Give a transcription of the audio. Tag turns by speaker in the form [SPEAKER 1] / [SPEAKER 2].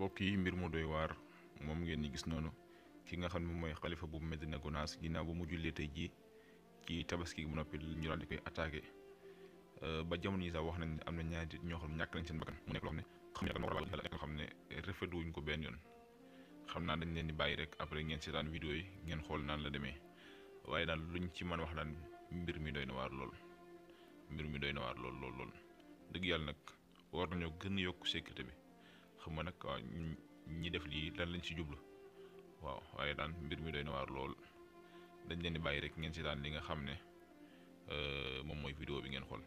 [SPEAKER 1] bokk yi mbir mu doy waar moom ngeen ni gis noonu ki nga xam ne mooy xalifa bu Medina Gonaas ginnaaw bu mu jullee tey jii ci tabaski bu noppi ñu daal di koy attaqué euh, ba jamono yi sax wax nañ am na ñaari ñoo ñàkk nañ seen bakkan mu nekk loo xam ne xam ne rafetlu wuñ ko benn yoon xam naa dañ leen di bàyyi rek après ngeen seetaan vidéo yi ngeen xool naan la demee waaye daal luñ ci mën wax daan mbir mi doy na lool mbir mi doy na lool lool lool dëgg yàlla nag war nañoo gën a yokk sécurité bi xam nga nag ñi def lii lan lañ ci jublu waaw waaye daan mbir mi doy na waar lool dañ leen di bàyyi rek ngeen si daan li nga xam ne euh, moom mooy vidéo bi ngeen xool.